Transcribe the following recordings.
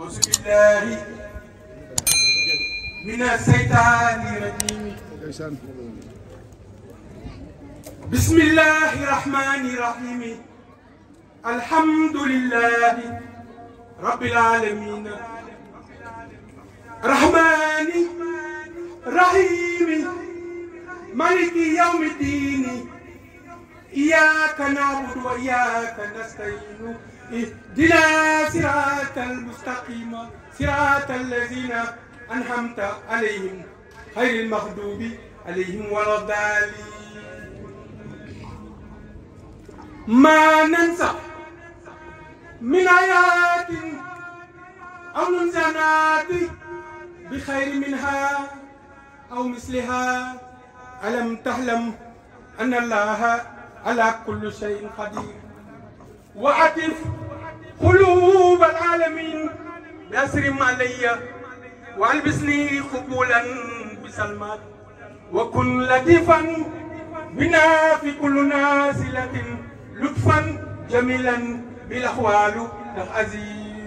أعوذ بالله من الشيطان الرجيم بسم الله الرحمن الرحيم الحمد لله رب العالمين رحمن رحيم مالك يوم الدين إياك نعبد وإياك نستعين اهدنا صراط المستقيم صراط الذين أنعمت عليهم غير المغضوب عليهم ولا الضالين ما ننسى من آيات أو ننسانات بخير منها أو مثلها ألم تعلم أن الله على كل شيء قدير وعطف قلوب العالمين بأسرم علي والبسني قبولا بسلمات وكن لطيفا بنا في كل نازلة لطفا جميلا بالأحوال تخزين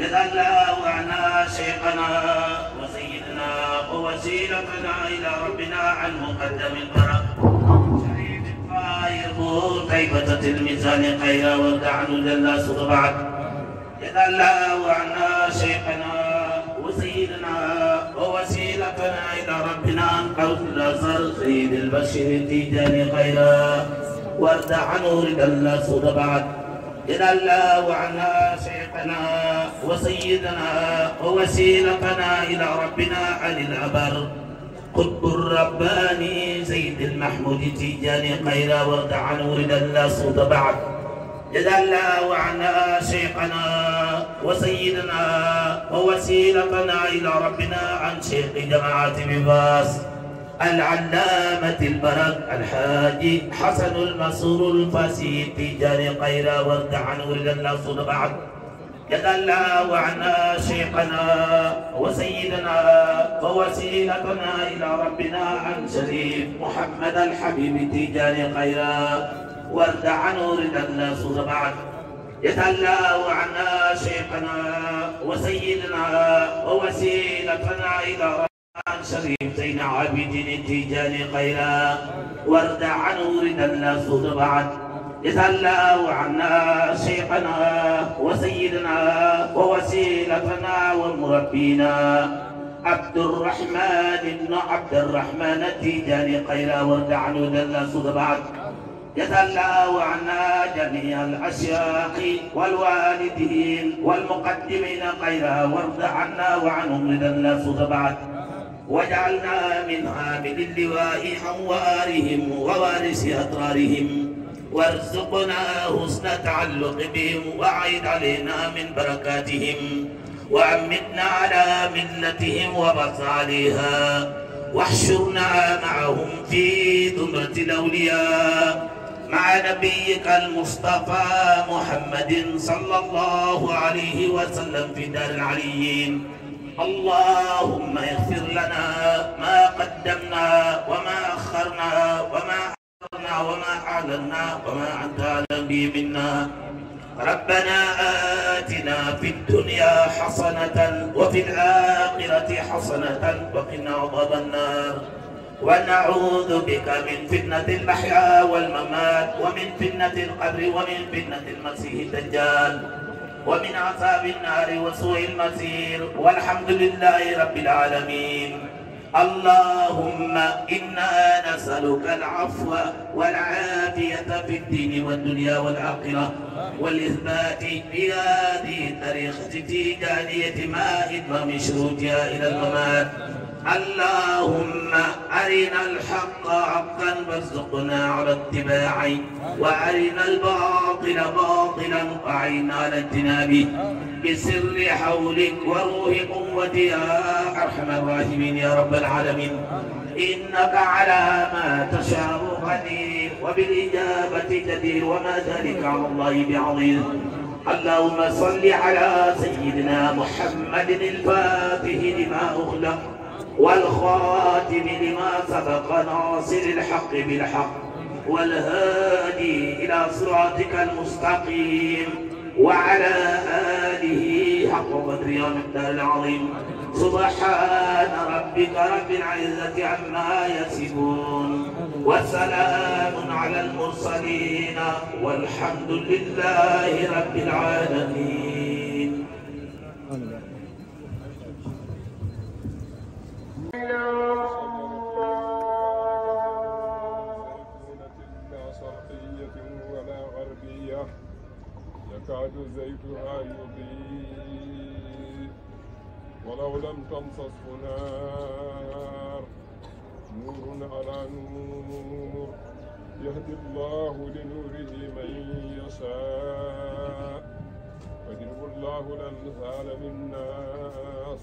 جزى الله عنا شيخنا وسيدنا ووسيلتنا إلى ربنا عن مقدم البراء شريف الطائر طيبة الميزان خيرا والدعن جل صدبعك جزى الله عنا شيخنا وسيدنا ووسيلتنا إلى ربنا عن قول صرف سيد البشر تيجاني خيرا وارد عنه رد الله صدبعك إلى الله وعنها شيخنا وسيدنا ووسيلتنا إلى ربنا علي الأبر قطب الرباني زيد المحمود تيجاني خيرا وارض عن ورد الله صوت بعد جزا الله وعنا شيخنا وسيدنا ووسيلتنا إلى ربنا عن شيخ جماعة بباس العلامة البرك الحاج حسن المنصور الفاسي تجاري قيرا وارض عنه لنا صد بعد جزا الله عنا شيخنا وسيدنا ووسيلتنا إلى ربنا عن شريف محمد الحبيب تجاري خيرا وارض عنه لنا صد بعد جزا الله عنا شيخنا وسيدنا ووسيلتنا إلى ربنا عن شر حسين عبد التيجان خيرا وارد عنه ردا لا صوت بعد يتهلا عنا شيخنا وسيدنا ووسيلتنا ومربينا عبد الرحمن بن عبد الرحمن التيجاني خيرا وارد عنه ردا لا صوت بعد يتلأوا عنا جميع الأشياخ والوالدين والمقدمين خيرا وارض عنا وعنهم رضا لا صوت بعد وجعلنا من عامل اللواء حوارهم ووارث أطرارهم وارزقنا حسن تعلق بهم وأعد علينا من بركاتهم وأمتنا على ملتهم وبث عليها واحشرنا معهم في زمرة الأولياء مع نبيك المصطفى محمد صلى الله عليه وسلم في دار العليين اللهم يغفر لنا ما قدمنا وما أخرنا وما أخرنا وما أعلنا وما أنت أعلم به منا ربنا آتنا في الدنيا حسنة وفي الآخرة حسنة وقنا عذاب النار ونعوذ بك من فتنة المحيا والممات ومن فتنة القبر ومن فتنة المسيح الدجال ومن عذاب النار وسوء المصير والحمد لله رب العالمين اللهم إنا نسألك العفو والعافية في الدين والدنيا والآخرة والإثبات في هذه الطريقة التجانية ما إدم من شروطها إلى الممات اللهم أرنا الحق حقا وارزقنا على اتباعه وأرنا الباطل باطلا وأعنا على اجتنابه بسر حولك وروح قوتي يا أرحم الراحمين يا رب العالمين إنك على ما تشاء قدير وبالإجابة جدير وما ذلك على الله بعظيم اللهم صل على سيدنا محمد الفاتح لما أغلق والخاتم لما سبق ناصر الحق بالحق والهادي إلى صراطك المستقيم وعلى آله حق قدر ومقدار العظيم سبحان ربك رب العزة عما يصفون وسلام على المرسلين والحمد لله رب العالمين يكاد زيتها يضيء ولو لم تمسسه نار نور على نور يهدي الله لنوره من يشاء فاجرب الله الأمثال للناس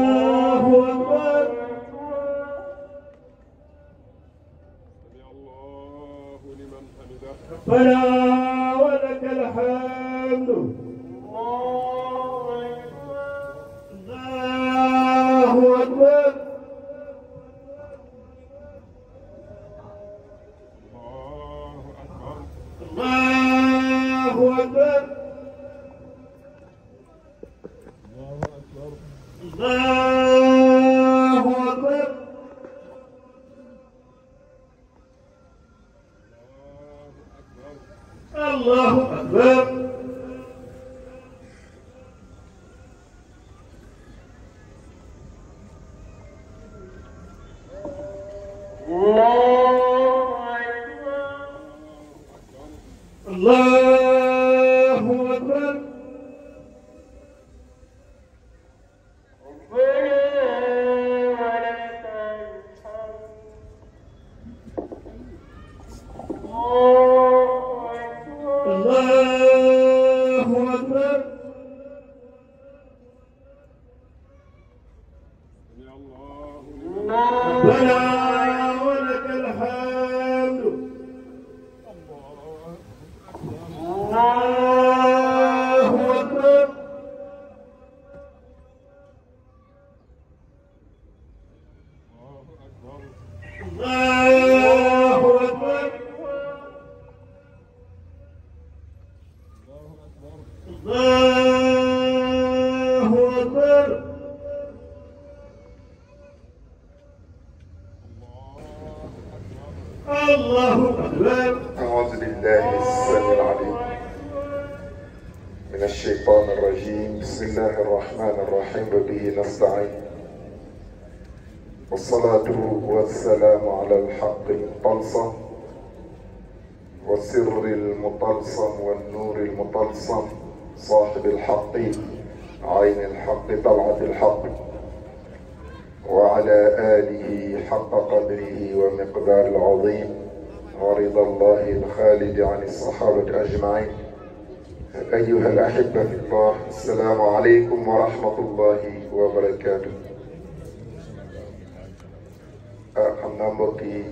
الجد عن الصحابة أجمعين أيها الأحبة في الله السلام عليكم ورحمة الله وبركاته xam naa mbokk yi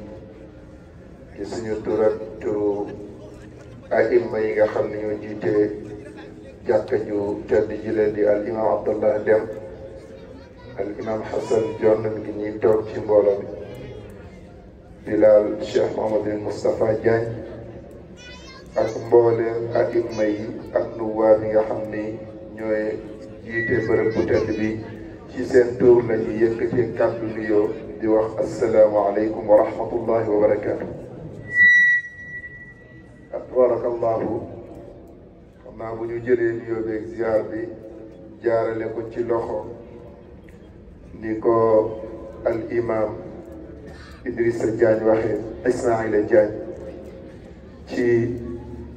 ci suñu tur ak turu aïmma yi nga xam ne ñoo jiite jàkka ju tedd ji leen di Abdallah Dem al imam Hassan Jonn ngi ñuy toog ci mbooloo bi Bilal Cheikh Mouhamadou Moustapha ak mbooleem aima yi ak nuwaar yi nga xam ni ñooy jiite bërëb bu bi ci seen tur la ñuy yëkkati kàddu nuyoo di wax asalaamaaleykum wa rahmatullahi wa barakaatu. tabarakallahu xam naa bu ñu jëlee nuyoo beeg ziar bi jaarale ko ci loxo ni ko al imam Idrissa Diagne waxee Ismaïla Diagne ci.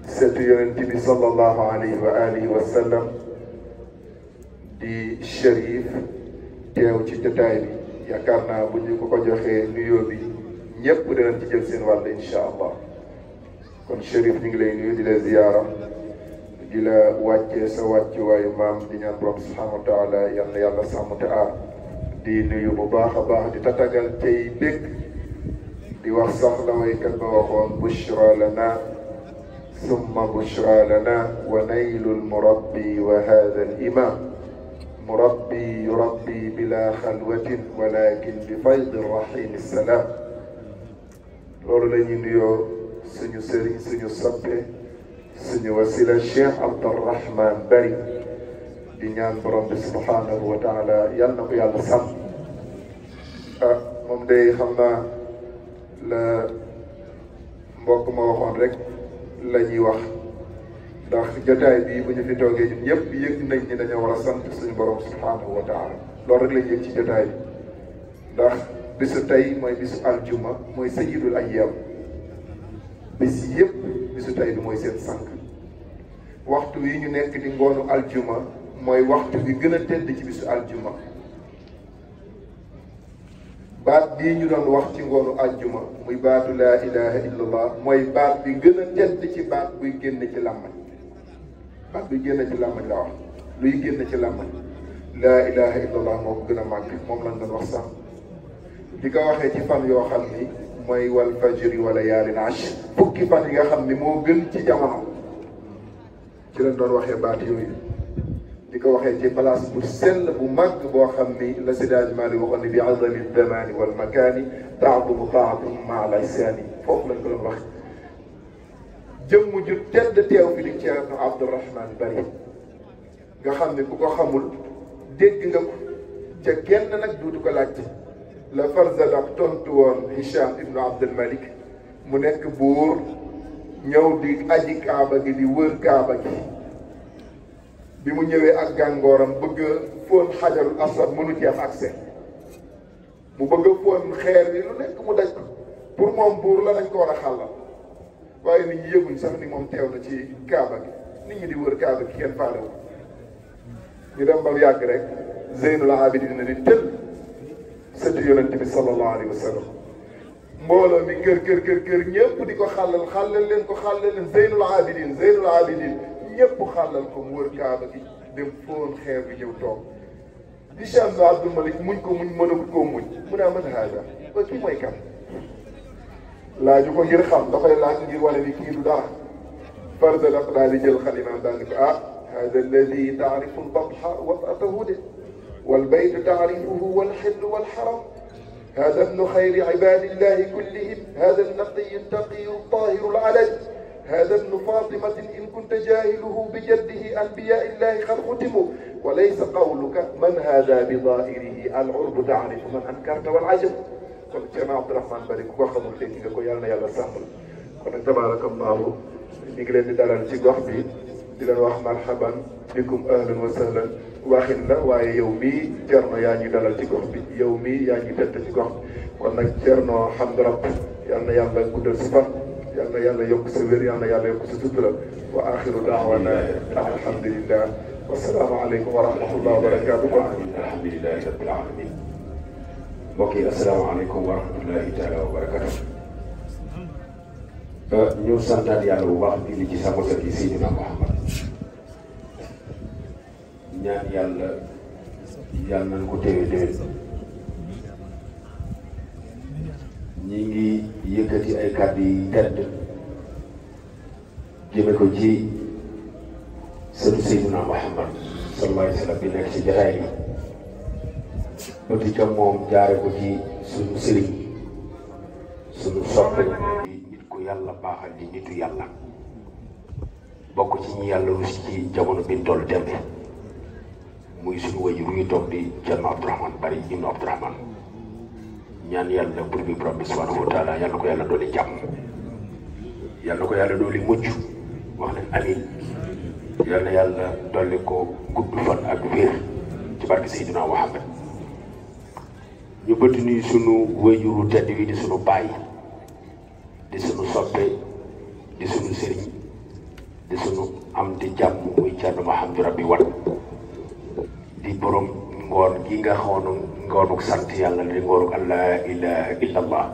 seetu yonent bi sallallahu alayhi wa alihi wa di Cherif teew ci jotaay bi yaakaar naa bu ñu ko ko joxee nuyoo bi ñëpp danañ ci jël seen wàll incha allah kon Cherif ñu ngi lay la ziyaara di la wàccee sa wàccuwaayu maam di ñaan borom subhanahu wa taala yal na yàlla sàmm te aar di nuyu bu baax a baax di tatagal di wax sax la waykat ثم بشرى لنا ونيل المربي وهذا الإمام مربي يربي بلا خلوة ولكن بفيض الرحيم السلام loolu la ñu nuyoo suñu sëriñ suñu soppe suñu wasila Cheikh Abdourahmane Bari di ñaan borom bi subhanahu wa taala yal na ko yàlla sàmm ah moom day xam naa la mbokk ma waxoon rek la ñuy wax ndax jotaay bii bu ñu fi toogee ñun ñëpp yëg nañ ni dañoo war a sant suñu borom subhanahu wa taala loolu rek lañ yëg ci jotaay bi ndax bisu tey mooy bisu aljuma mooy sayidul ayyam bis yëpp bisu tey bi mooy seen sànq waxtu yi ñu nekk di ngoonu aljuma mooy waxtu bi gën a tedd ci bisu aljuma baat bii ñu doon wax ci ngoonu àjjuma muy baatu laa ilaha illallah mooy baat bi gën a tedd ci baat buy génn ci làmmañ baat buy génn ci làmmañ luy génn ci làmmañ laa ilaha illallah moo ko gën a màgg moom lañ doon wax sax di ko waxee ci fan yoo xam ni mooy wal fajri wala yaalin ash fukki fan yi nga xam ni moo gën ci jamono ci lañ doon waxee baat yooyu di ko waxee ci place bu sell bu màgg boo xam ni la Sidaaj i waxoon ne bi azami zamani wal makaani taadumu taatum maa lisaani foofu lañ ko doon wax jëmm ju tedd xam ne ku ko xamul dégg nga ko kenn nag duutu la Farzandax tontu woon Hicham ibnu Abdul Malik mu nekk buur ñëw di aji kaaba gi di wër kaaba gi bi mu ñëwee ak gàngooram bëgg a fóon xajarul aswad mënu ci am accès mu bëgg a fóon xeer yi lu mu daj ko pour moom buur la dañ ko war a xàllal waaye nit ñi sax ni moom teew na ci kaaba gi nit ñi di kaaba gi kenn faale wu ñu dem ba mu yàgg rek Zeynul Abidin na ni tël sëdd yonent bi sallallahu alayhi wa sallam mbooloo mi kër kër kër kër di ko xàllal xàllal leen ko xàllal leen Zeynul Abidin Zeynul Abidin ñëpp xàllal ko mu wër kaaba gi dem fóon xeer bi ñëw toog di Cheikh Abdou Malick muñ ko muñ mënul koo muñ mu ne man haaja ba kii mooy kan laaju ko ngir xam da koy laaj ngir wane ni kii du dara farda daf daal di jël xalimaam daal di ko ah haaja alladi taarifu lbatha watatahu de والبيت تعرفه والحل والحرم هذا ابن خير عباد الله كلهم هذا النقي التقي الطاهر العلج هذا ابن فاطمة إن كنت جاهله بجده أنبياء الله قد ختموا وليس قولك من هذا بظاهره العرب تعرف من أنكرت والعجب kon Ceerno Abdu Rahmaan Bari ku ko xamul dégg nga ko yàlla na yàlla sàmm la kon nag tabaarakallaahu ñu ngi leen di dalal ci gox bi di leen wax marhaban bikum ahlan wa sahlan waxin la waaye yow mii Ceerno yaa ñuy dalal ci gox bi yow mii yaa ñuy tett ci gox bi kon nag Ceerno Hamdu Rabb yàlla na yàlla guddal si fan yal na yàlla yokk sa wér yal na yàlla yokk sa sutura wa axiru daawana an alhamdulillah wasalaamu aleykum wa rahmatullah wa barakaatu ko alhamdulilahi rabbil alamin mbokk yi asalaamaaleykum wa rahmatullahi taala wa barakatu euh, ñu santaat yàlla bu baax julli ci sàmmkat yi Seydina Muhammad ñaan yàlla yàlla nañ ko téewee déwén ñi ngi yëkkati ay kàddu yi tedd ko ci sëtu Seydina Muhammad sallallahu alayhi wa sallam bi nekk ci jataay bi bëti ca moom jaare ko ci suñu sëriñ suñu soppe di nit ku yàlla baaxal di nitu yàlla bokk ci ñi yàlla rus ci jamono bi toll dembe muy suñu wajur yu toog di Cerno Abdourahmane Bari ibnu Abdourahmane ñaan yàlla bur bi borom bi subhanahu wa taala yàlla ko yàlla dooli jàmm yàlla ko yàlla dooli mucc wax leen amin yàlla yàlla dolli ko gudd fan ak wér ci barke Seydina Muhammad ñu bëtt nii sunu wéyuru tedd wi di sunu baay di sunu soppe di sunu sëriñ di sunu am di jàmm muy Thierno Mohamed Rabi Wane di borom. ngoon gi nga xoonu ngoonuk sant yàlla di ngoonuk allah ilaha illallah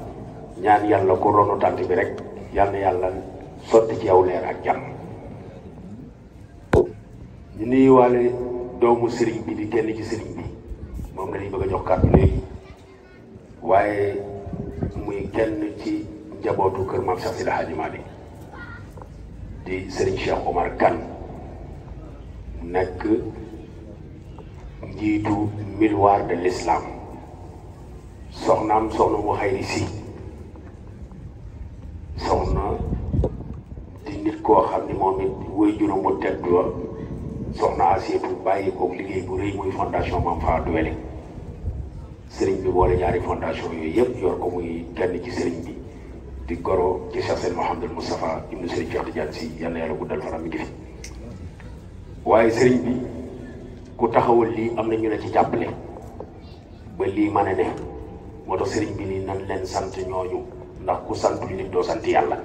ñaan yàlla ko ronu tànt bi rek yàlla yàlla sotti ci yow ak jàmm ñu nuyuwaale doomu sëriñ bi di kenn ci sëriñ bi moom dañuy bëgg a jox kàddu léegi waaye muy kenn ci njabootu kër maam Cheikh Seydi Hadji di sëriñ Cheikh Omar Kane nekk njiitu miroir de l'islam soxnaam soxna bu xayri si soxna di nit koo xam ni moom it woy juróom bu tedd wa soxna Asietu bàyyi koog liggéey bu rëy muy fondation Mame Fallou Wellé sëriñ bi boole ñaari fondation yooyu yëpp yor ko muy kenn ci sëriñ bi di goro ci Cheikh Seydi Mouhamadou Moustapha ibnu sëriñ Cheikh Tidiane Sy yal na yàlla guddal fanam mi ngi fi waaye sëriñ bi ku taxawul lii am na ñu la ci jàppale ba lii mën a ne moo tax sëriñ bi nii nan leen sant ñooñu ndax ku santul nit doo sant yàlla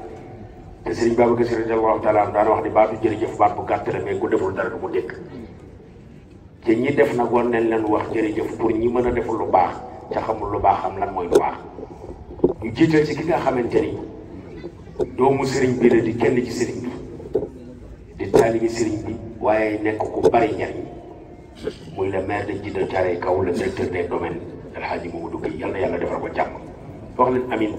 te sëriñ Babacar Sy radiyallahu taala daana wax ne baatu jërëjëf baat bu gàtt la mais ku deful dara du mu dégg te ñi def nag war nañ leen wax jërëjëf pour ñi mën a deful lu baax ca xamul lu baax xam lan mooy lu baax ñu ci ki nga xamante ni doomu sëriñ bi la di kenn ci sëriñ bi di taalibi sëriñ bi waaye nekk ku bari njariñ muy le maire de Djidda Thiaroye Kaw le directeur des domaines El Hadji Mamadou Gueye yal na yàlla defal ko jàmm wax leen amin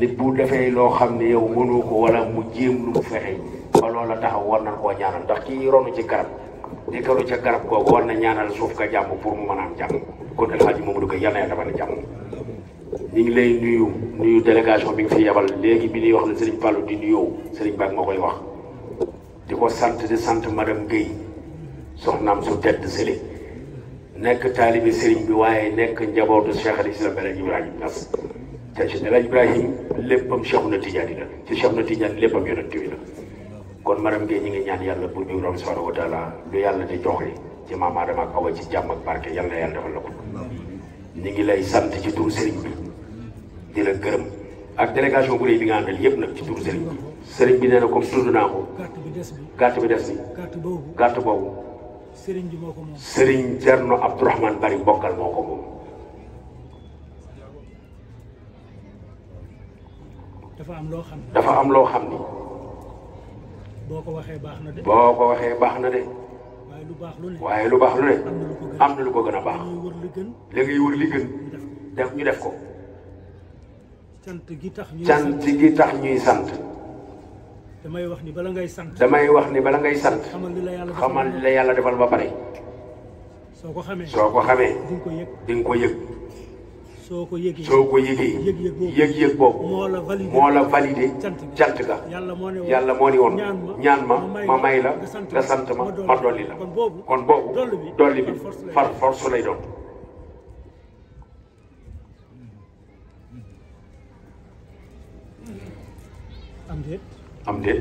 nit bu defee loo xam ne yow mënoo ko wala mu jéem lu mu fexe ba loola taxaw war nañ koo ñaanal ndax kii ronu ci garab nekkalu ca garab googu war na ñaanal suuf ka jàmm pour mu mën a am jàmm kon El Hadji Mamadou Gueye yal na yàlla jàmm ñu ngi lay nuyu nuyu délégation bi nga fi yebal léegi bi ñuy wax ne Serigne Fallou di nuyoo Serigne Ba moo koy wax di ko sant sant madame Guèye soxnaam su tedd sële nekk taalibi sëriñ bi waaye nekk njabootu Cheikh al Islam El Hadj Ibrahim Niass te Cheikh El Hadj Ibrahim léppam Cheikh na Tidiane la ci Cheikh na Tidiane léppam yonent bi la kon maram gee ñi ngi ñaan yàlla bu ñu rom subhanahu lu yàlla di joxe ci maam Adama ak Awa ci jàmm ak barke yàlla yàlla defal la ko ñu ngi lay sant ci turu sëriñ bi di la gërëm ak délégation bu rëy bi nga àndal yëpp nag ci turu sëriñ bi sëriñ bi nee na comme tudd naa ko gàtt bi des bi gàtt boobu sëriñ bi moo ko moom sëriñ Thierno Abdourahmane Bari Mbokkal moo ko moom. dafa am loo xam dafa am loo xam ni. boo ko waxee baax na de. ko waxee baax na de. waaye lu baax lu ne waaye lu baax lu am na lu ko gën a baax. li ngay wër li gën. def ñu def ko. gi tax ñuy sant cant gi tax ñuy sant. damay wax ni bala ngay sant. damay wax ni bala ngay sant. xamal li la yàlla defal la yàlla defal ba pare. soo ko xamee soo ko xamee. di ko yëg di nga ko yëg. soo ko yëgee soo ko yëgee yëg-yëg boobu moo la validé cant ga yàlla moo ni woon ñaan ma ma may la nga sant ma ma dolli la kon boobu dolli bi far force lay doon am déet am déet.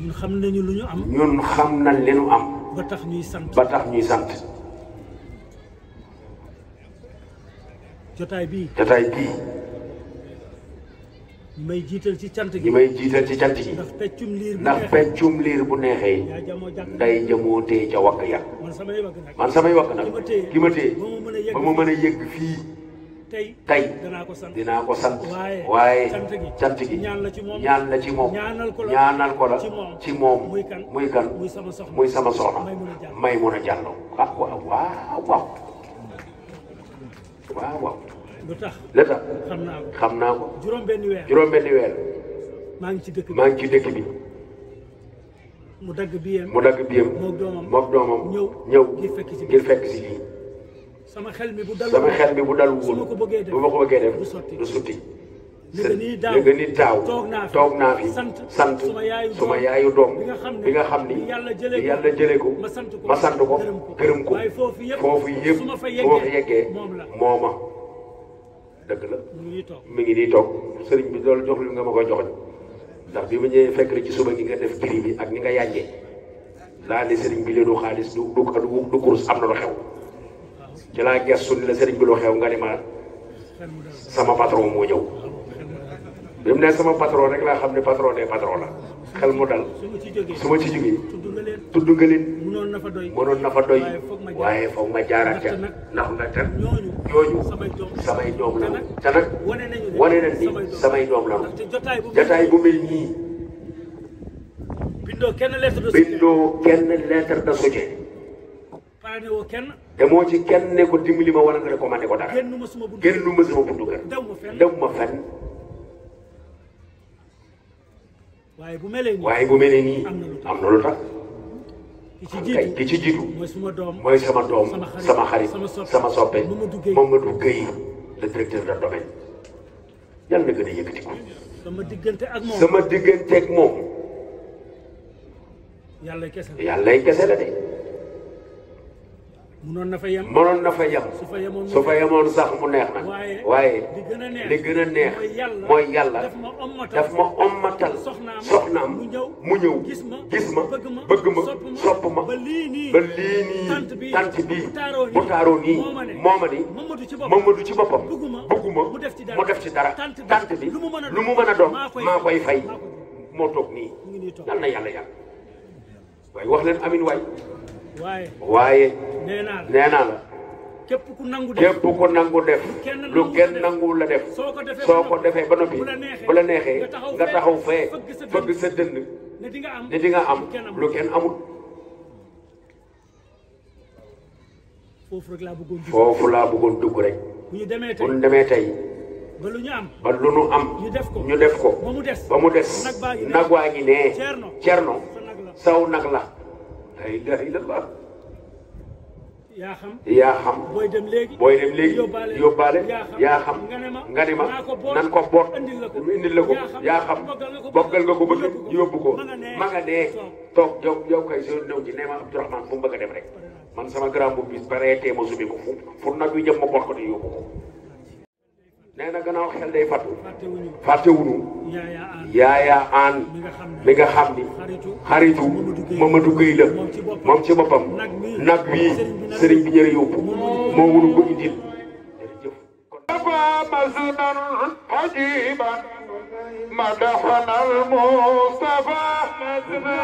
ñun xam nañu lu ñu am. ñun xam nañ li am. ba tax ñuy sant ba tax ñuy sant. jotaay bii jotaay bii. ñi may jiital ci cant gi ñi may jiital ci cant gi. ndax peccum liir bu neexee ndax peccum liir bu neexee. nday jamoo tee ca wakk ya man samay wakk nag ki ma téye ma mën a yëgg fii. tey dinaa ko sant waaye cant gi ñaan la ci moom ñaanal ko la ci moom muy kan muy sama soxna may mun a jàll ah waaw waaw waaw waaw lu tax xam naa ko juróom-benni weer maa ngi ci dëkk bi mu dagg biyam mook doomam ñëw ngir fekk si lii sama xel mi bu dalul woon bu ma ko bëggee def du sotti léegi ni daaw toog naa fi sant suma yaayu doom bi nga xam ni yàlla jëlee ko ma sant ko gërëm ko foofu yëpp su ma fa yeggee mooma dëgg la mi ngi nii toog sëriñ bi loolu jox li nga ma ko joxoñ ndax bi ma ñëwee fekk ci suba gi nga def giri ak ni nga yàññee laa ne sëriñ bi leenu xaalis du du du am na lu xew ci laa gestu la sëriñ bi lu nga ni ma sama patron moo ñëw bi mu ne sama patron rek laa xam ne patron des patron la xel mu dal su ma ci jógee tudd nga leen mënoon doy waaye foog ma jaaraat ca ndax nga kat ñooñu samay doom la te nag wane la jataay bu mel nii bindoo kenn lettre de soutien demoo ci kenn ne ko dimbali ma wala nga recommandé ko dara génn ma sama buntu kër daw ma fenn waaye bu melee nii am na lu tax kay ki ci jiitu mooy sama doom sama xarit sama soppe moom nga du Guèye le directeur de domaine yàlla na gën a yëkkati ko sama diggante ak moom yàllay kese la de mënoon na fa yem na fa yem su fa yemoon sax mu neex nag waaye li gën a neex mooy yàlla daf ma ommatal soxnaam mu ñëw gis ma bëgg ma sopp ma ba lii nii tant bii bu taaroo nii moo ma ni du ci boppam bëgguma mu def ci dara tant bi lu mu mën a doon maa koy fay moo toog nii yal na yàlla yàlla waaye wax leen amin waay waaye nee naa la ku nangu def képp ku nangu def lu kenn nangu la def soo ko defee ba noppi bu la neexee nga taxaw fee fëgg sa dënd ne di nga am lu kenn amul. foofu laa bëggoon dugg rek bu ñu demee tey ba lu ñu am ñu def ko ba mu des nag waa ngi ne cerno saw nag la. la ilaha illallah yaa xam yaa xam booy dem léegi booy dem yaa xam nga nan ko boot ko yaa xam boggal nga ko ba yóbbu ko ma nga dee toog yow yow kay soo ñëw ci nee ma Abdourahmane fu mu a dem rek man sama grand boobu bis pareetee ma subi ko fu fu nag wi jëm ma boot ko te yóbbu ko nee na gannaaw xel day fàttu fàttewuñu yaayaa aan mi nga ni xaritu Mamadou Gueye la ci boppam nag bii sëriñ bi ñëre yóbbu moo mënu ko indil مدحنا المصطفى مدحنا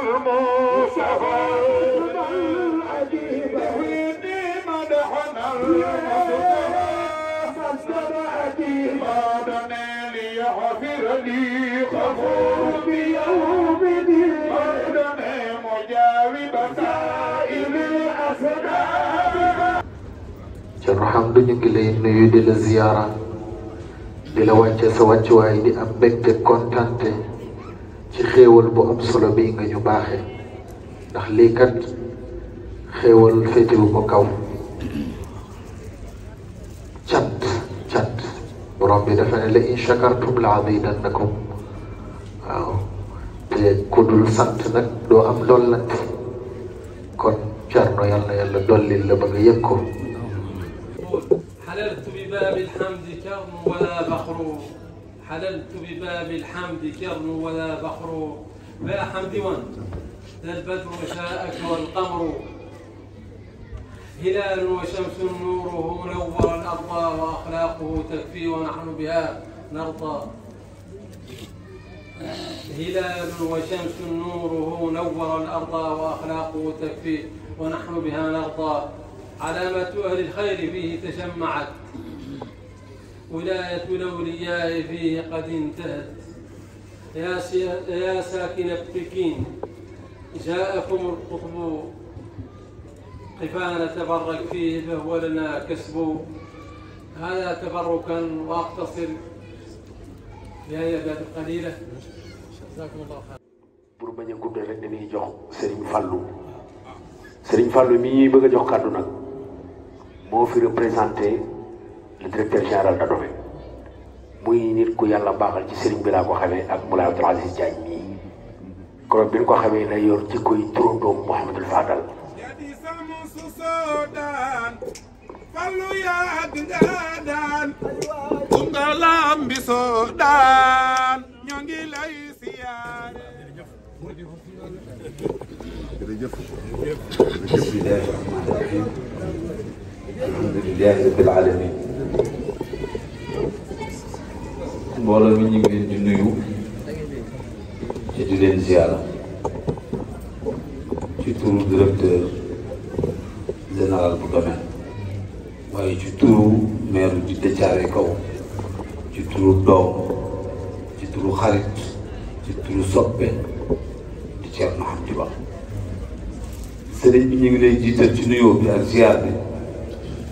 المصطفى Cerno Hamdu ñu ngi lay nuyu di la ziyaara di la wàcce sa wàccuwaay di am mbégte kontante ci xéewal bu am solo bii nga ñu baaxee ndax lii kat xéewal féetewu ko kaw cat cat borom bi dafa ne la in shakartum la azidannakum waaw te ku dul sant nag doo am dollante kon Cerno yàlla na yàlla dollil la ba nga yëg ko حللت بباب الحمد كرم ولا بخر حللت بباب الحمد كرم ولا بخر لا حمد ذا البدر شاءك والقمر هلال وشمس نوره منور الأرض وأخلاقه تكفي ونحن بها نرضى هلال وشمس نوره نور الأرض وأخلاقه تكفي ونحن بها نرضى علامة أهل الخير فيه تجمعت ولاية الأولياء فيه قد انتهت يا, يا ساكن بكين جاءكم القطب طفان تبرك فيه فهو لنا كسب هذا تبركا واقتصر لهذه الأبيات القليلة جزاكم الله خير pour bañ a guddal rek dañuy jox Serigne Fallou Serigne Fallou mi ñuy jox kàddu nag moo fi représenté le directeur général de domaine muy nit ku yàlla baaxal ci Serigne bi laa ko xamee ak Moulay Abdoul Aziz Diagne mii keroog bi ñu ko xamee la yor ci koy turandoom Mouhamadul Fadal doo daan fallu yàgg nga daan ku nga lambi soo daan ñoo ngi lay siyaare jërëjëf bismillahi rahmani rahim alhamdulillahi rabbil alamin mbooloo mi ñu ngi leen di nuyu ci di leen ziyaara ci turu directeur général bu domaine waaye ci turu maire di dëccaare kaw ci turu doom ci turu xarit ci turu soppe di Thierno Hamdy Ba sëriñ bi ñu ngi lay ci nuyoo bi ak ziar bi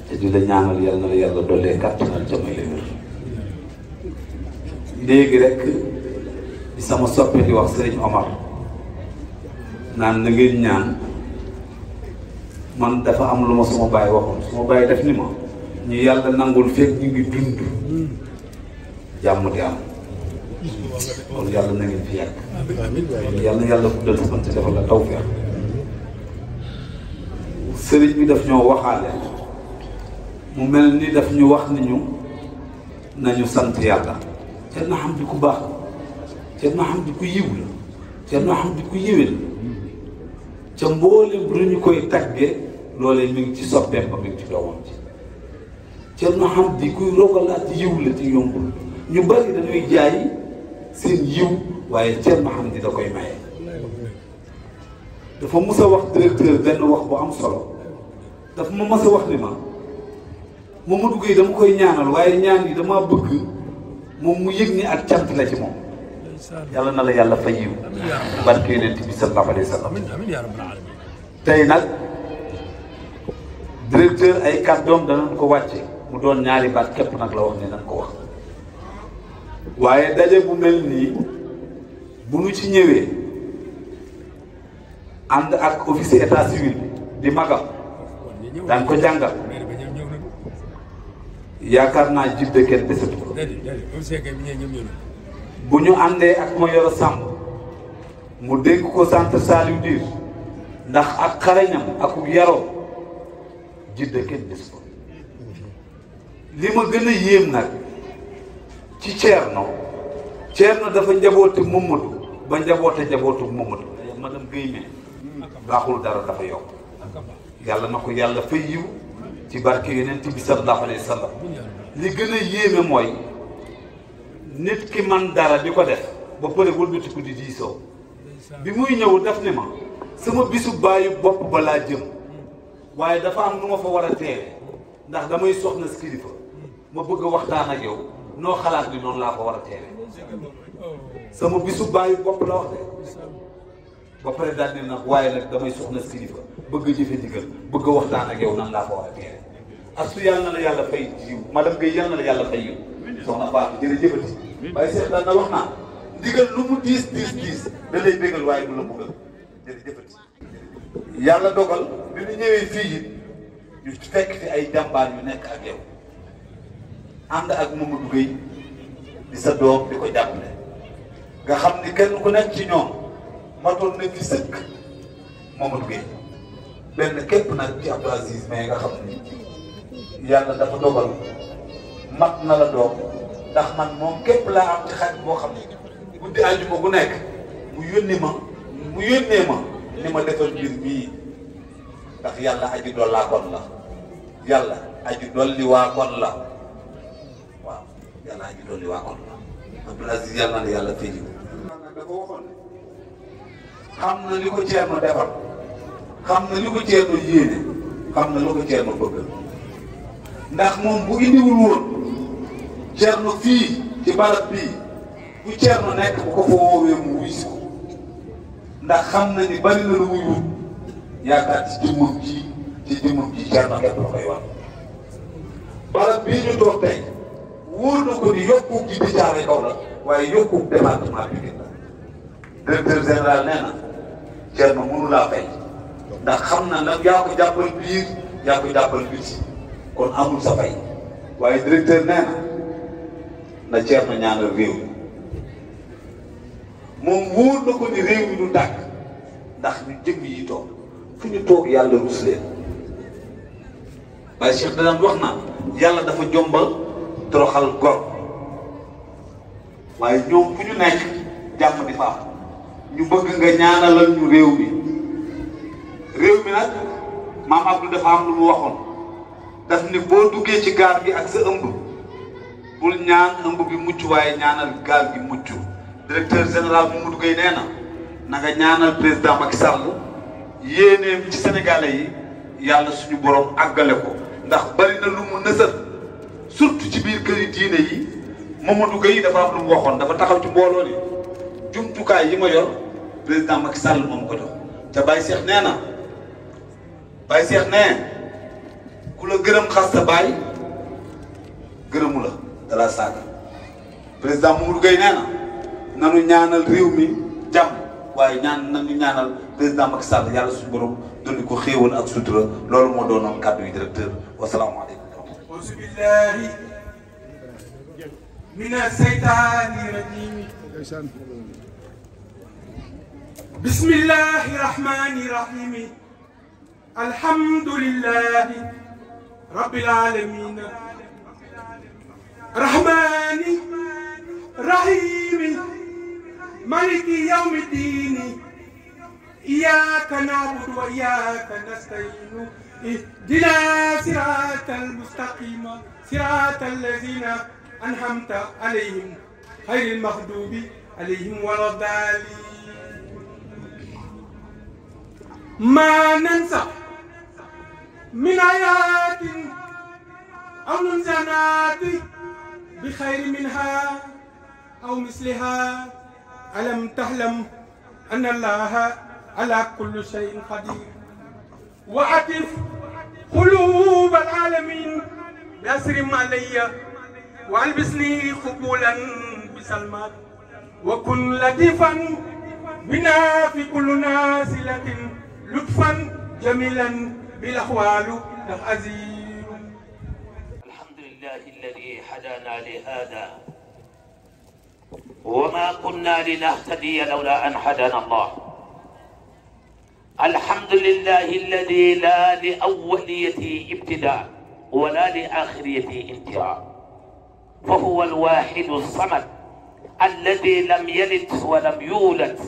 te di la ñaanal yàlla na la yàlla dollee kàttanal jamay la wér léegi rek di sama soppe di wax sëriñ Omar naan na ngeen ñaan man dafa am lu ma suma bàyyi waxoon suma bàyyi def ni ma ñu yàlla nangul fekk ñu ngi dund jàmm di am kon yàlla na fi yàgg yàlla yàlla guddal sa fan ci defal la taw feex sëriñ bi daf ñoo waxaale mu mel ni daf ñu wax ni ñu nañu sant yàlla Ceerno Hamdi ku baax Ceerno Hamdi ku yiw la Ceerno Hamdi ku yéwén ca mboolem lu ñu koy tagge loolee mu ngi ci soppeem ba mi ngi ci doomam ci Cerno Hamdi kuy rogalaat yiw la ci yombul ñu bari dañuy jaay seen yiw waaye Cerno Hamdi da koy maye dafa mës wax wax directeur benn wax bu am solo dafa ma mës a wax ni ma Mamadou Gueye dama koy ñaanal waaye ñaan yi dama bëgg moom mu yëg ni ak cant la ci moom yàlla na la yàlla fay yiw barke yonent bi sallallahu alayhi wa sallam tey nag directeur ay kàddoom danañ ko wàcce mu doon ñaari baat kepp nag la wax ne nañ ko wax waaye daje bu mel nii bu nu ci ñëwee ànd ak officier état civil di magam daan ko jàngal yaakaar naa jibde kenn desatu ko bu ñu àndee ak ma yoro sàmm mu dénk ko centre Saliou Dir ndax ak xarañam ak yaroo jidda kenn gis ko li ma gën a yéem nag ci Thierno Thierno dafa njabootu Mamadou ba njaboote njabootu Mamadou madame Guèye baaxul dara dafa yokk yàlla na ko yàlla fay yiw ci barke Yonent bi sallallahu alayhi wa li gën a yéeme mooy nit ki man dara di ko def ba pare wëlbatiku di diisoo bi muy ñëw def ni ma sama bisu bàyyi bopp balaa jëm waaye dafa am nu ma fa war a teewe ndax damay soxna si kilifa ma bëgg a waxtaan ak yow noo xalaat bi noon laa ko war a teewe sama bisu bàyyi bopp la wax de ba pare waaye nag damay soxna si bëgg a jëfe ndigal a waxtaan ak yow nan laa ko war a teewe astu yàlla na la yàlla fay jiw madame Guèye yàlla na la yàlla fay yiw soxna baax jërëjëfati waaye mu diis diis diis da waaye du la bëggal jërëjëfati yàlla dogal bi ñu ñëwee fii it ñu fekk fi ay jàmbaar yu nekk ak yow ànd ak Mamadou Gueye di sa doom di ko jàppale nga xam ni kenn ku nekk ci ñoom matoon na fi sëkk Mamadou Gueye benn képp nag ci Abdou Aziz nga xam ni yàlla dafa dogal mat na la doom ndax man moom képp laa am ci xarit boo xam ne guddi àjjuma bu nekk mu yónni ma mu yónnee ma li ma defal mbir mii ndax yàlla aji dollaa kon la yàlla aji dolli waa kon la waaw yàlla aji dolli waa kon la Abdul Aziz yàlla na yàlla fii ji dafa waxoon ne xam na li ko Ceerno defal xam na li ko Ceerno yéene xam na li ko Ceerno bëgg ndax moom bu indiwul woon Ceerno fii ci barab bii bu Ceerno nekk bu ko fa woowee mu wuy ndax xam na ni bari na lu muy wut yaakaar ci jëmmam ji ci jëmmam ji jar na képp la koy wax. barab bii ñu toog tey wóor na ko ni yokku gi di jaare kaw la waaye yokku département bi gën la directeur général nee na Thierno mënu laa fay ndax xam na nag yaa ko jàppal biir yaa ko jàppal biti kon amul sa fay waaye directeur nee na na Thierno ñaanal réew moom wóor na ko ni réew mi du tàkk ndax ñu jëmm yi toog fu ñu toog yàlla rus leen waaye Cheikh danaan wax na yàlla dafa jombal toroxal gor waaye ñoom fu ñu nekk jàmm di fa am ñu bëgg nga ñaanalal ñu réew mi réew mi nag maam Abdou dafa am lu mu waxoon daf ni boo duggee ci gaal bi ak sa ëmb bul ñaan ëmb bi mucc waaye ñaanal gaal gi mucc directeur général Mamadou Gueye nee na na nga ñaanal président Macky Sall yéeneem ci sénégalais yi yàlla suñu boroom àggale ko ndax bari na lu mu nësal surtout ci biir këri diine yi Mamadou Gueye dafa am lu mu waxoon dafa taxaw ci mbooloo ni jumtukaay yi ma yor président Macky Sall moom ko jox ca Baye seex nee na Baye Cheikh nee ku la gërëm xas sa baay gërëmu la da saaga président Mamadou Gueye nee na nanu ñaanal réew mi jàmm waaye ñaan nañu ñaanal président Macky Sall yàlla suñu borom dund ak sutura loolu moo doonoon kàddu yi directeur wasalaamaaleykum. auzu billaahi mina seytaani rajiim. rahmaani rahiim. مالك يوم الدين إياك نعبد وإياك نستعين اهدنا صراط المستقيم صراط الذين أنعمت عليهم غير المغضوب عليهم ولا الضالين ما ننسى من آيات أو ننسى بخير منها أو مثلها ألم تعلم أن الله على كل شيء قدير وعطف قلوب العالمين بأسرم علي وألبسني قبولا بسلمان وكن لطيفا بنا في كل نازلة لطفا جميلا بالأحوال عزيز الحمد لله الذي هدانا لهذا وما كنا لنهتدي لولا أن هدانا الله الحمد لله الذي لا لأوليته ابتداء ولا لآخريته انتهاء فهو الواحد الصمد الذي لم يلد ولم يولد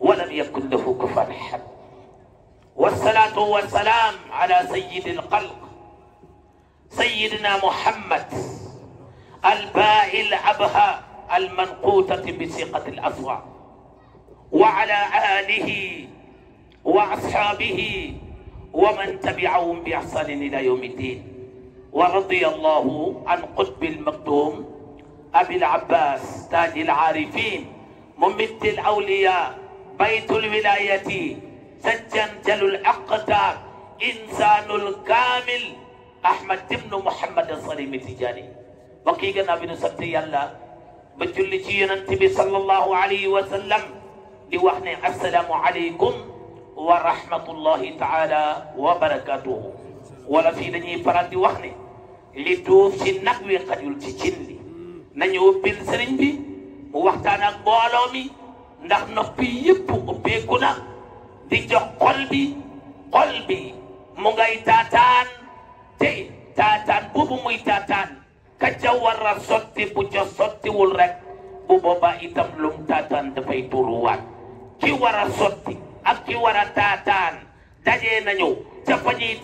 ولم يكن له كفوا أحد والصلاة والسلام على سيد الخلق سيدنا محمد الباء الأبهى المنقوطة بثقة الأصوات وعلى آله وأصحابه ومن تبعهم بإحسان إلى يوم الدين ورضي الله عن قطب المقدوم أبي العباس تاج العارفين ممد الأولياء بيت الولاية سجنجل الأقدار إنسان الكامل أحمد بن محمد الصليم التجاني بقي جنا بن سبت يالله ba julli ci yonent bi sallallahu alayhi wa sallam di wax ne assalaamu aleykum wa rahmatullahi taala wa barakatuhu wala fii dañuy faral di wax ne li tuuf ci nag wi xajul ci cin li nañu ubbil sëriñ bi mu waxtaan ak ndax noppi yëpp ubbeeku na di jox xol bi mu ngay taataan te taataan boobu muy taataan ka ca war a sotti bu ca sottiwul rek bu boobaa itam lum taataan dafay tuuruwaat ki war a sotti ak ki war a taataan dajee nañu ca fa ñuy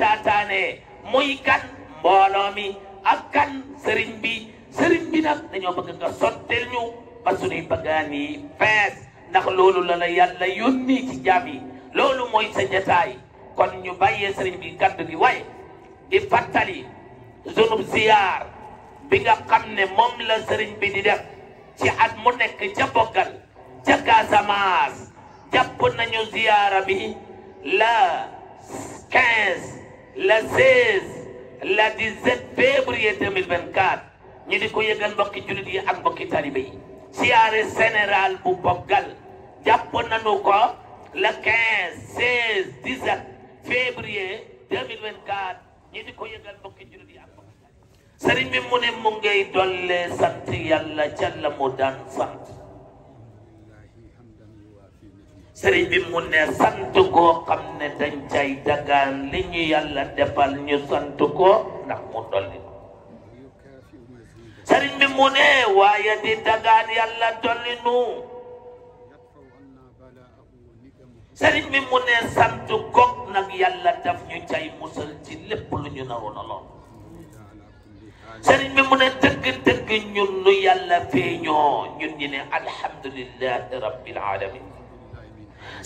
muy kan mbooloo ak kan sëriñ bi sëriñ bi nag dañoo bëgg nga sottil ñu ba suñuy a yi fees ndax loolu la la yàlla yónni ci jaam loolu mooy sa kon ñu bàyyee sëriñ bi kaddu gi waaye di fàttali zunub ziyaar bi nga xam ne moom la sëriñ bi di def ci at mu nekk ca boggal ca Casamance jàpp nañu ziyaara bi la 15 la 16 la 17 ñu di ko yëgal mbokki jullit yi ak mbokki talibe yi ziyaare général bu boggal jàpp nañu ko la 15 ñu di ko yëgal mbokki jullit yi sëriñ bi mu ne mu ngay dollee sant yàlla ca la mu li yàlla defal ñu ko ndax mu dolli sëriñ bi mu ne waaye di dagaan yàlla dolli nu bi mu ne sant koog nag yàlla daf ñu cay musal ci lépp lu ñu naroon a sëriñ bi mu ne dëgg dëgg ñun lu yàlla feeñoo ñun ñu ne alhamdulillahi rabbil alamin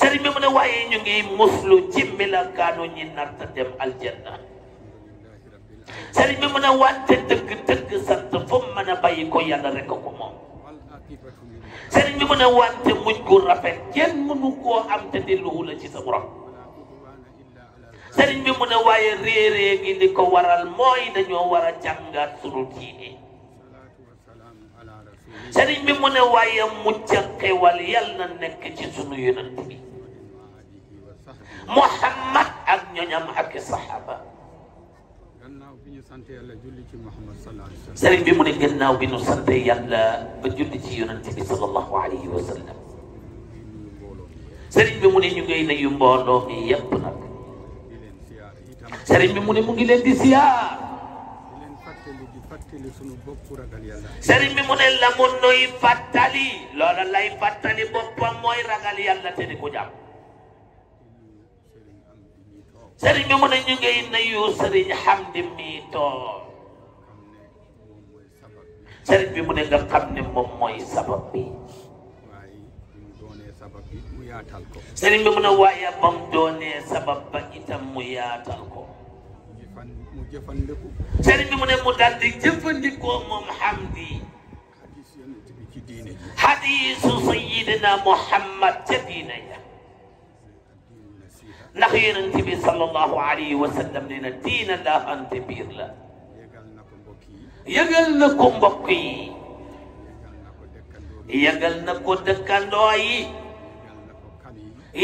sëriñ bi mu ne waaye ñu ngi muslu ci melakaanu ñi narta dem aljanna sëriñ bi mu ne wante dëgg dëgg sant fu mu mën a ko yàlla rek ko moom sëriñ bi mu ne wante muñ gu rafet kenn mënu am te delluwu la ci sa borom sëriñ bi mu ne waaye réerée gi di ko waral mooy dañoo war a jàngaat sunu diine sëriñ bi mu ne waaye mucc ak xewal yal na nekk ci sunu yonent bi Muhammad ak ñoñam ak saxaaba sëriñ bi mu ne gannaaw bi ñu sante yàlla ba julli ci yonent bi sallallahu alayhi wa sallam sëriñ bi mu ne ñu ngay nuyu mbooloo mi yépp nag sëriñ bi mu ne mu ngi leen di siyaar. sëriñ bi mu ne la mu nuy fàttali loola lay fàttali boppam mooy ragal yàlla te di ko jàpp. sëriñ bi mu mu jëfandiku. sëriñ bi mu ne mu daal di jëfandikoo moom Hamdi. hadisu yonent bi ci diine ji. hadisu sayyidina Muhammad ca diine ja. ndax yonent bi sallallahu alayhi wa sallam nee na diina daafante biir la. yëgal na ko mbokk yi. yëgal na ko mbokk yi. yëgal na ko dëkkandoo yi.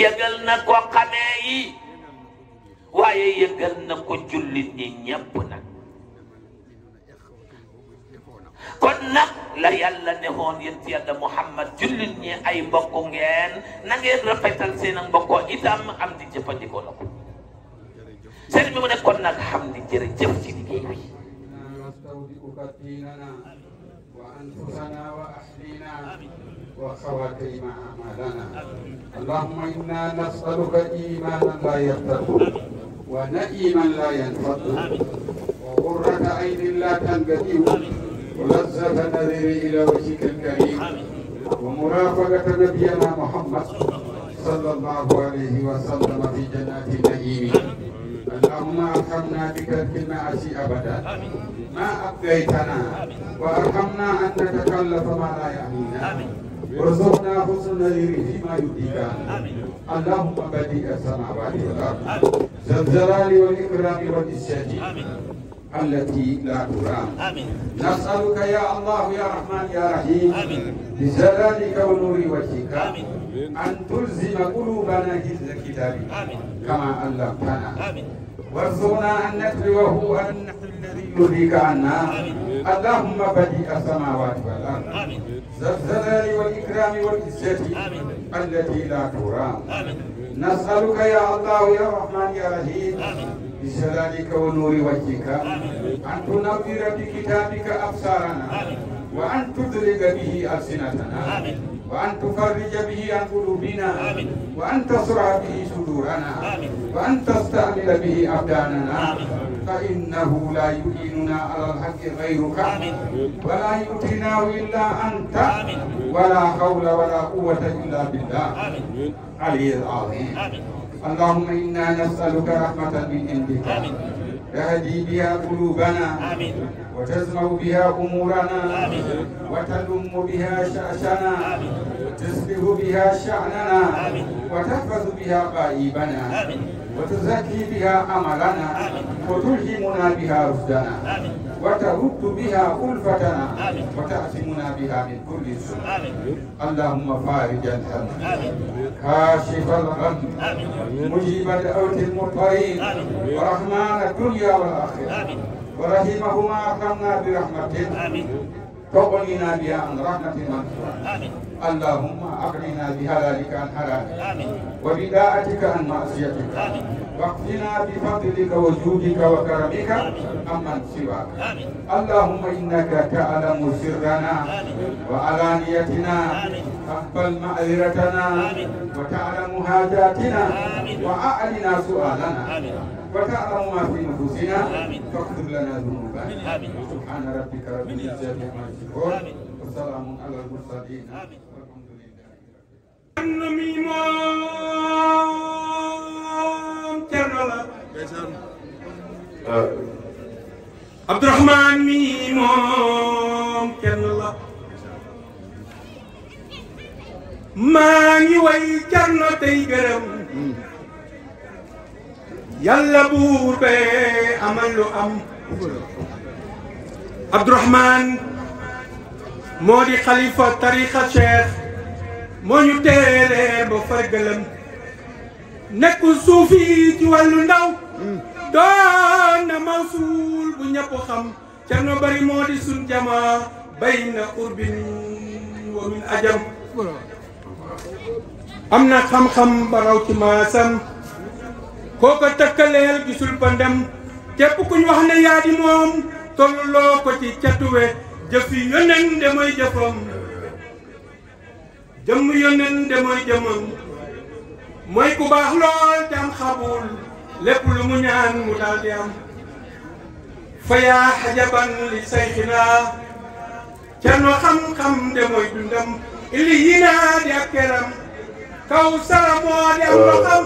yëgal na ko xamee yi. waaye yëgal na ko jullit ñi ñépp nag kon nag la yàlla ne woon yéen ci yàlla Muhammad jullit ñi ay mbokk ngeen na ngeen rafetal seen mbokkoo itam am di jëfandikoo la ko sëriñ bi mu ne kon nag xam di jërëjëf ci liggéey bi وأنفسنا وأهلنا وخواتيم أعمالنا اللهم إنا نسألك إيمانا لا يرتد ونئيما لا ينفض وغرة عين لا تنقطع ولذة نذري إلى وجهك الكريم ومرافقة نبينا محمد صلى الله عليه وسلم في جنات النعيم اللهم ارحمنا بترك المعاصي ابدا ما ابقيتنا وارحمنا ان نتكلف ما لا يعنينا وارزقنا حسن اليقين فيما يرضيك اللهم بديع السماوات والارض ذا الجلال والاكرام والاسجاد التي لا ترام نسألك يا الله يا رحمن يا رحيم بجلالك ونور وجهك أن تلزم قلوبنا حفظ كتابك كما علمتنا وارزقنا أن نتبعه وأن نحل الذي يرضيك عنا اللهم بديع السماوات والأرض ذا الجلال والإكرام والعزة التي لا ترام نسألك يا الله يا رحمن يا رحيم بجلالك ونور وجهك أن تنور بكتابك أبصارنا وأن تدرك به ألسنتنا وأن تفرج به عن قلوبنا وأن تصرع به صدورنا وأن تستعمل به أبداننا فإنه لا يعيننا على الحق غيرك ولا يؤتنا إلا أنت ولا حول ولا قوة إلا بالله علي العظيم اللهم إنا نسألك رحمة من عندك تهدي بها قلوبنا آمين وتزمع بها أمورنا آمين وتلم بها شأشنا آمين وتصلح بها شأننا آمين وتحفظ بها قائبنا آمين وتزكي بها عملنا وتلهمنا بها رشدنا وترد بها ألفتنا وتعصمنا بها من كل سوء اللهم فارج الهم كاشف الغم مجيب دعوة المضطرين ورحمن الدنيا والآخرة ورحمهما أكرمنا برحمته تغنينا بها عن رحمة من اللهم أغننا بحلالك عن حرامك وبداعتك عن معصيتك واقفنا بفضلك وجودك وكرمك عمن سواك اللهم إنك تعلم سرنا وعلانيتنا تقبل معذرتنا وتعلم حاجاتنا وأعلنا سؤالنا وتعلم ما في نفوسنا فاغفر لنا ذنوبنا سبحان ربك رب العزة عما يصفون وسلام على المرسلين na mi moom Cerno la ah. Abdourahmane mi moom kenn la maa ngi way Cerno tey gërëm hmm. yàlla buur bee amal lu am Abdourahmane moo di xalifa tarixa Cheikh moo ñu teeree ba fargalam nekkul suufi ci wàllu ndaw hmm. doon na mawsuul bu ñëpp xam Cerno Bari moo di sun jamaa bayna urbin wa min ajam am na xam-xam ba raw ci maasam kooko tëkkaleel gisul ba ndem képp kuñ wax ne yaa moom tolluloo ci catuwe jëf yi mooy jëfam jëmm yónneen de mooy jëmmam mooy ku baax lool te am lu mu ñaan mu daal fa yaa xajaban li sayxinaa cerno xam-xam de mooy dundam ili yinaa di ak keram kaw sara moo di am waxam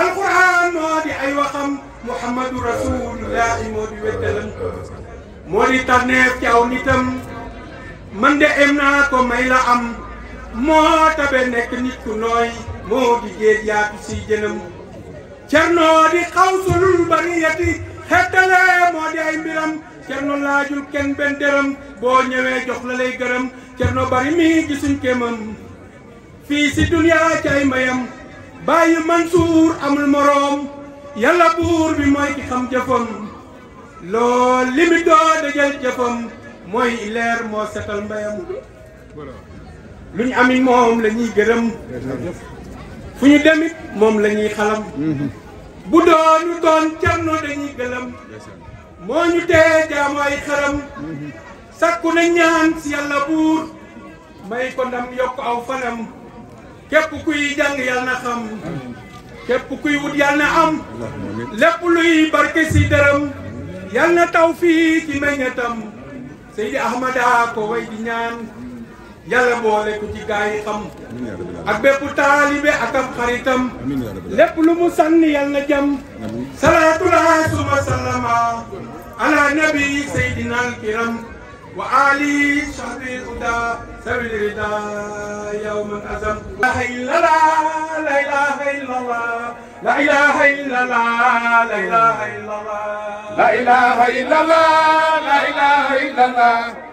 alquran moo di ay waxam muhammadu rasulullahi moo di wettalam moo di tànneef ci aw nitam man de em naa ko may la am moo tabe nekk nit ku nooy moo di géej yaatu siy jënam cernoo di xawsulul bariyati xettale moo di ay mbiram cerno laajul kenn benn dërëm boo ñëwee jox la lay gërëm cerno bari mi gisuñ kéemam fii si duniyaa ci ay mbayam bàyyi Mansuur amul moroom yàlla buur bi mooy ki xam jëfam lool limi doo dajal jëfam mooy ileer moo setal mbayam lu ñu amit moom la gërëm fu ñu demit moom lañuy ñuy xalam bu doonu doon Cerno dañuy gëlam moo ñu tee jaamu ay xaram sakku na ñaan si yàlla buur may ko ndam yokk aw fanam képp kuy jàng yàlla na xam képp kuy wut yàlla am lépp luy barke si dërëm yàlla na taw fii ci meññatam Seydi Ahmada ko way di ñaan yàlla mboole ko ci gaa yi ak bépp taalibe ak am xaritam lépp lu mu sànni yàlla na jam ala nabi seydina alkiram wa ali sahbi uda sabil rida yawman azam la ilaha illallah la ilaha illallah la ilaha illallah la ilaha illallah la ilaha illallah